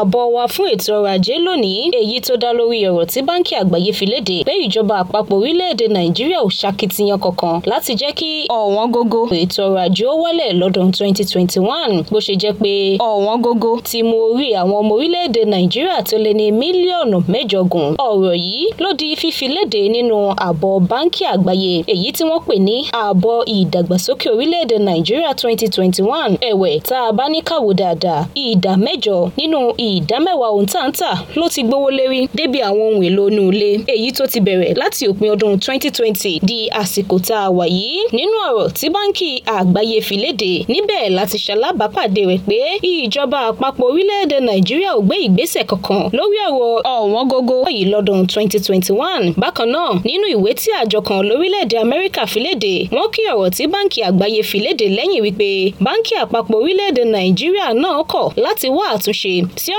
àbọ̀ wa fún ètò ọrọ̀ ajé lónìí èyí tó dá lórí ọ̀rọ̀ tí báńkì àgbáyé fi léde pé ìjọba àpapọ̀ orílẹ̀-èdè nàìjíríà ò ṣàkitiyan kankan láti jẹ́ kí ọ̀wọ́n gógó ètò ọrọ̀ ajé ó wálẹ̀ lọ́dún 2021 bó ṣe jẹ́ pé ọ̀wọ́n gógó ti mú orí àwọn ọmọ orílẹ̀-èdè nàìjíríà tó lé ní mílíọ̀nù mẹ́jọ gùn ọ̀rọ̀ yìí ló di fífi léde nínú àbọ̀ báńkì àgbáyé èyí tí wọ́n pè ní àbọ̀ ìdàgbàsókè orílẹ̀-èdè nàìjíríà 2021 ẹ̀wẹ̀ tá a bá ní kàwò dáadáa ìdá mẹ́jọ nínú ìdá mẹ́wàá ohun tá à ń tà ló ti gbówó lérí débi àwọn ohun èlò inú ilé èyí tó ti bẹ̀rẹ̀ láti òpin ọdún 2020 di àsìkò tá a wà yìí nínú ọ̀rọ̀ tí báńkì àgbáyé fi léde níbẹ̀ láti ṣalábàápàdé rẹ̀ pé ìjọba àpapọ̀ orílẹ̀-èdè nàìjíríà ò gbé ìgbésẹ̀ kankan lórí ọ̀rọ̀ ọ̀wọ́n gógó yìí lọ́dún 2021 bákan náà nínú ìwé tí àjọ kan lórílẹ̀-èdè amẹ́ríkà fi léde wọ́n kí ọ̀rọ̀ tí báńkì àgbáyé fi léde lẹ́yìn wípé báńkì àpapọ̀ orílẹ̀-èdè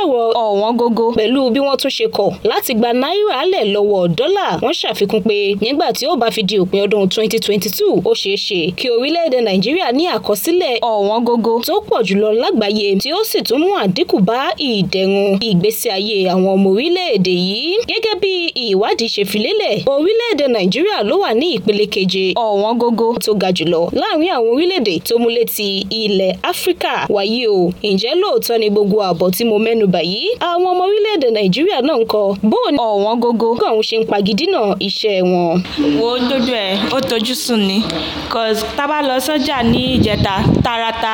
ọ̀rọ̀ ọ̀wọ́n gógó pẹ̀lú bí wọ́n tún ṣe kọ̀ láti gba náírà lẹ̀ lọ́wọ́ dọ́là wọ́n ṣàfikún pé nígbà tí ó bá fi di òpin ọdún 2022 ó ṣeé ṣe kí orílẹ̀-èdè nàìjíríà ní àkọsílẹ̀ ọ̀wọ́n gógó tó pọ̀ jùlọ lágbàáyé tí ó sì tún mú àdínkù bá ìdẹ̀rùn ìgbésí ayé àwọn ọmọ orílẹ̀-èdè yìí gẹ́gẹ́ bí ìwádìí ṣe fi lélẹ̀ orílẹ̀-èdè nàìjíríà ló wà ní ìpele keje ọ̀wọ́n gógó tó ga jùlọ láàrin àwọn orílẹ̀-èdè tó múlẹ̀ ti ilẹ̀ áfíríkà wáyé o ǹjẹ́ lóòótọ́ ni gbogbo àbọ̀ tí mo mẹ́nu ìwọ̀nba yìí àwọn ọmọ orílẹ̀-èdè nàìjíríà náà ń kọ bó o ní ọ̀wọ́n gógó kí àwọn ṣe ń pagidínà iṣẹ́ wọn. wo dodo ẹ ó tojú sùn ni cause tá a bá lọ sọ́jà ní ìjẹta tààràtà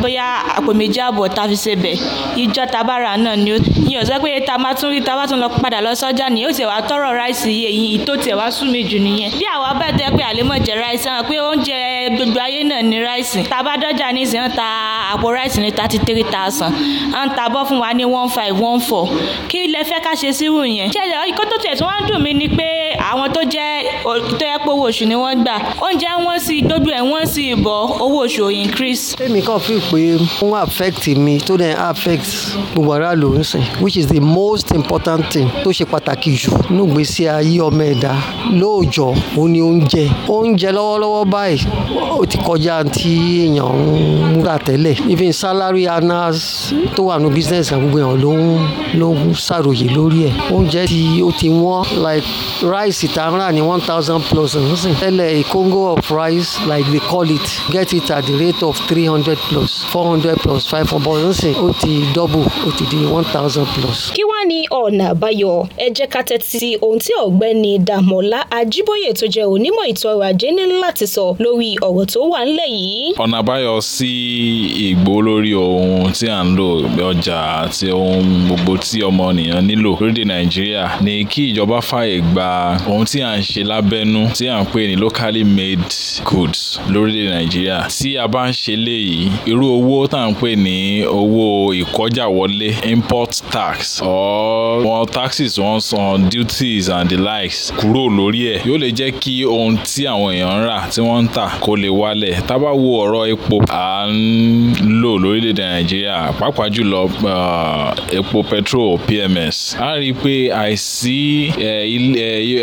bóyá àpò méjì ààbọ̀ tá a fi ṣe bẹ̀ ìjọ tabara náà ni ó ní ọ̀sẹ̀ pé tá a bá tún rí tá bá tún lọ padà lọ sọ́jà ni ó tiẹ̀ wá tọrọ ráìsì yìí èyí ìtó tiẹ̀ wá sú mi jù nìyẹn bí àwa bá tẹ pé àlémọ̀ jẹ ráìsì àwọn pé oúnjẹ gbogbo ayé náà ni ráìsì tá a bá dọ́jà ní ìsìn ń ta àpò ráìsì ní thirty à ń ta bọ́ fún wa ní one five one four kí lẹ fẹ́ ká ṣe sírù yẹn. ṣẹlẹ̀ ikọ́ tó tẹ̀ tí wọ́n á dùn mí ni pé àwọn tó jẹ́ tó yẹ pé owó oṣù ni wọ́n gbà oúnjẹ wọ́n sì gbogbo ẹ̀ wọ́n sì bọ̀ owó oṣù increase. èmi kàn fi pé wọ́n affect mi tó dẹ̀ affect gbogbo aráàlú ń sìn which is the most important thing tó ṣe pàtàkì jù nígbèsí ayé ọmọ ẹ̀dá lóòjọ́ òun ni oúnjẹ oúnjẹ lọ́wọ́lọ́wọ́ báyìí ó ti kọjá tí èèyàn ń múra tẹ́lẹ̀ even salary earners tó wà ní business kan gbogbo èèyàn ló ń ló ń ṣàròyé lórí ẹ̀ oúnjẹ tí ó ti wọ́n like rice sitara ni one thousand plus eh, nsìn. tẹ́lẹ̀ a congo of rice like they call it get it at the rate of three hundred plus four hundred plus five hundred nsìn O ti double O ti di one thousand plus. kí ni ọ̀nà àbáyọ ẹ jẹ́ ká tẹ́tí sí ohun tí ọ̀gbẹ́ni Dàmọ́lá Ajíbóyè tó jẹ́ onímọ̀ ètò ọrọ̀ ajé ní láti sọ lórí ọ̀rọ̀ tó wà ńlẹ̀ yìí. ọ̀nà àbáyọ sí ìgbó lórí ohun tí à ń lò ọjà àti ohun gbogbo tí ọmọnìyàn nílò lórílẹ̀ Nàìjíríà ni kí ìjọba fààyè gba ohun tí à ń ṣe lábẹ́nú tí à ń pè ní locally made goods lórílẹ̀ Nàìjíríà tí a bá ń ṣe léyìí irú owó tá à ń pè ní owó ìkọjàwọlé import tax or or wọn taxes wọn san duties and the likes kúrò lórí ẹ̀ yóò lè jẹ́ kí ohun tí àwọn èèyàn ń rà tí wọ́n ń tà kó lè wálẹ̀ tá bá wo ọ̀rọ̀ epo à ń lò lórílẹ̀ nàìjíríà pàápàá jùlọ uh, epo petrol pms a rí i pé àìsí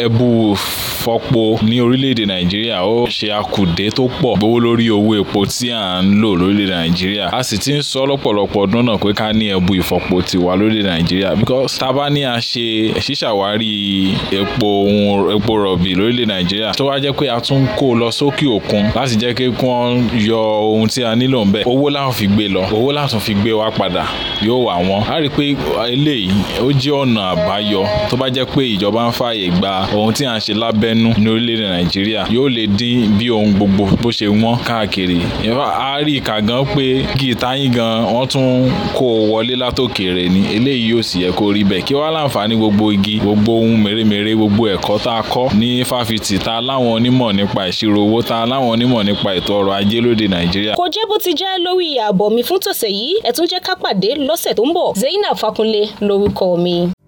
ẹbu fọpo ní orílẹ̀‐èdè nàìjíríà ó ṣe akùdé tó pọ̀ gbówó lórí owó epo tí à ń lò lórílẹ̀‐èdè nàìjíríà a sì ti ń sọ lọ́pọ̀lọpọ̀ ọdún náà pé ká ní ẹbu ìfọpo tiwa lórílẹ̀ nàìjíríà because tábà ní à ń ṣe ṣíṣàwárí epo ohun epo rọ̀bì lórílẹ̀ nàìjíríà tó wá jẹ́ pé a tún kó lọ sókè òkun láti jẹ́ pé kí wọ́n yọ ohun tí a nílò ńbẹ̀ owó láwọn fi gbé lọ owó látún fi gbé wá padà yóò wà wọ́n a rí i pé eléyìí ó jẹ́ ọ̀nà àbáyọ tó bá jẹ́ pé ìjọba ń fààyè gba ohun tí à ṣe lábẹ́nú ní orílẹ̀ nàìjíríà yóò lè dín bí ohun gbogbo bó ṣe wọ́n káàkiri a rí ìka gan pé gítáyìn gan wọ́n tún kó wọlé látòkèrè ni eléyìí yóò sì yẹ kó rí bẹ́ẹ̀ kí wá láǹfààní gbogbo igi gbogbo ohun mèremère gbogbo ẹ̀kọ́ tá a kọ́ ní fáfitì tá láwọn onímọ̀ nípa ìṣirò owó tá láwọn onímọ̀ nípa ètò ọrọ̀ ajé lóde nàìjíríà. kò jẹ́ bó ti jẹ́ lórí ààbọ̀ mi fún tọ̀sẹ̀ yìí ẹ tún jẹ́ ká pàdé lọ́sẹ̀ tó ń bọ̀ Zainab Fakunle lórúkọ mi.